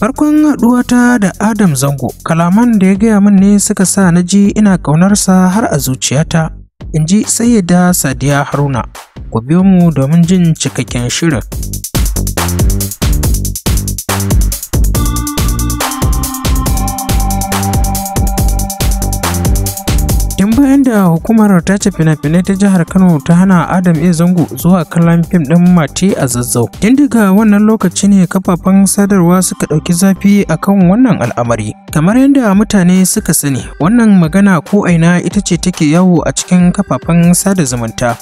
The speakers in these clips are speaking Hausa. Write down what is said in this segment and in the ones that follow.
Farkon haɗuwata da Adam Zango, kalaman da ya gaya min ne suka sa na ji ina ƙaunarsa har a zuciyata, in ji Sayyida Sadiya Haruna. Ku biyo mu domin jin cikakken shirin. Yan bayan da hukumar tace fina-finai ta jihar kano ta hana adam iya zango zuwa kallon fim ɗin mati a zazzau tun daga wannan lokaci ne kafafen sadarwa suka ɗauki zafi akan wannan al'amari kamar yadda mutane suka sani wannan magana ko aina ita ce take yawo a cikin kafafen sada zumunta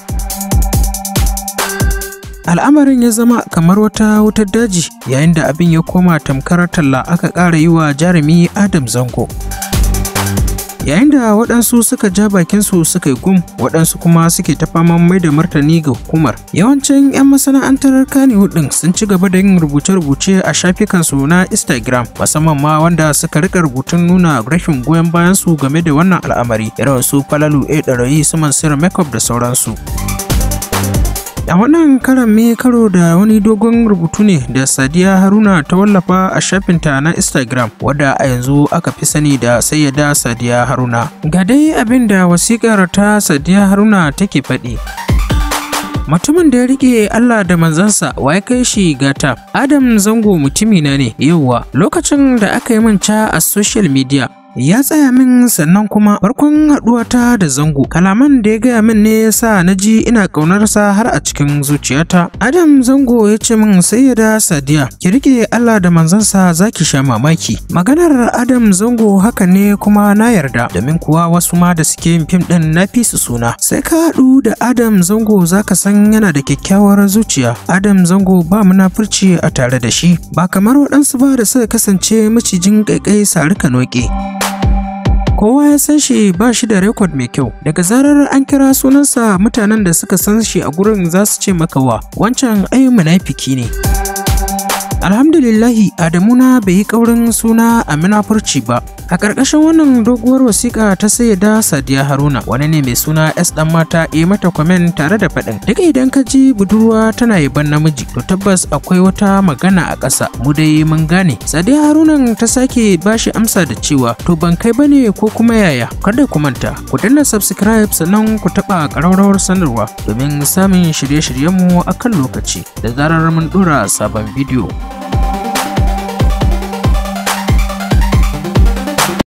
al'amarin ya zama kamar wata wutar daji yayin da abin ya koma tamkar talla aka ƙara yi wa jarumi adam zango yayin da waɗansu suka ja bakinsu suka yi gum waɗansu kuma suke ta faman mai da martani ga hukumar yawancin 'yan masana'antar kaniwood ɗin sun ci gaba da yin rubuce-rubuce a shafikansu na instagram musamman ma wanda suka rika rubutun nuna rashin goyon bayansu game da wannan al'amari irin su falalu a ɗarayi su sir makeup da sauransu A wannan karan me karo da wani dogon rubutu ne da Sadiya Haruna ta wallafa a shafinta na Instagram wadda a yanzu aka fi sani da sayyada Sadiya Haruna. Ga dai abin da wasikar ta Sadiya Haruna take faɗi. mutumin da ya rike Allah da manzansa ya kai shi gata Adam Zango mutumina ne yauwa lokacin da aka yi manca a social media ya tsaya min sannan kuma farkon haɗuwata da zango kalaman da ya gaya min ne yasa sa na ji ina ƙaunarsa har a cikin zuciyata adam zango ya ce min sai ya da sadiya ki riƙe allah da manzansa za ki sha mamaki maganar adam zango haka ne kuma na yarda domin kuwa wasu ma da suke yin fim ɗin na fi su suna sai ka haɗu da adam zango za ka san yana da kyakkyawar zuciya adam zango ba munafurci a tare da shi ba kamar waɗansu ba da suka kasance macijin ƙaiƙai sarika noƙe. kowa ya san shi ba shi da rekod mai kyau daga zarar an kira sunansa mutanen da suka san shi a gurin za su ce maka wa wancan ayi munafiki ne Alhamdulillahi na bai yi ƙaurin suna a munafurci ba. A ƙarƙashin wannan doguwar wasiƙa ta sayyada Sadiya Haruna wani ne mai suna S ɗan mata ya eh, mata kwamen tare da faɗin. Daga idan ka ji budurwa tana ban namiji to tabbas akwai wata magana a ƙasa mu dai mun gane. Sadiya Haruna ta sake bashi amsa da cewa to ban kai bane ko kuma yaya kada ku manta ku danna subscribe sannan ku taɓa ƙararrawar sanarwa domin samun shirye-shiryenmu akan lokaci da zarar mun ɗora sabon bidiyo.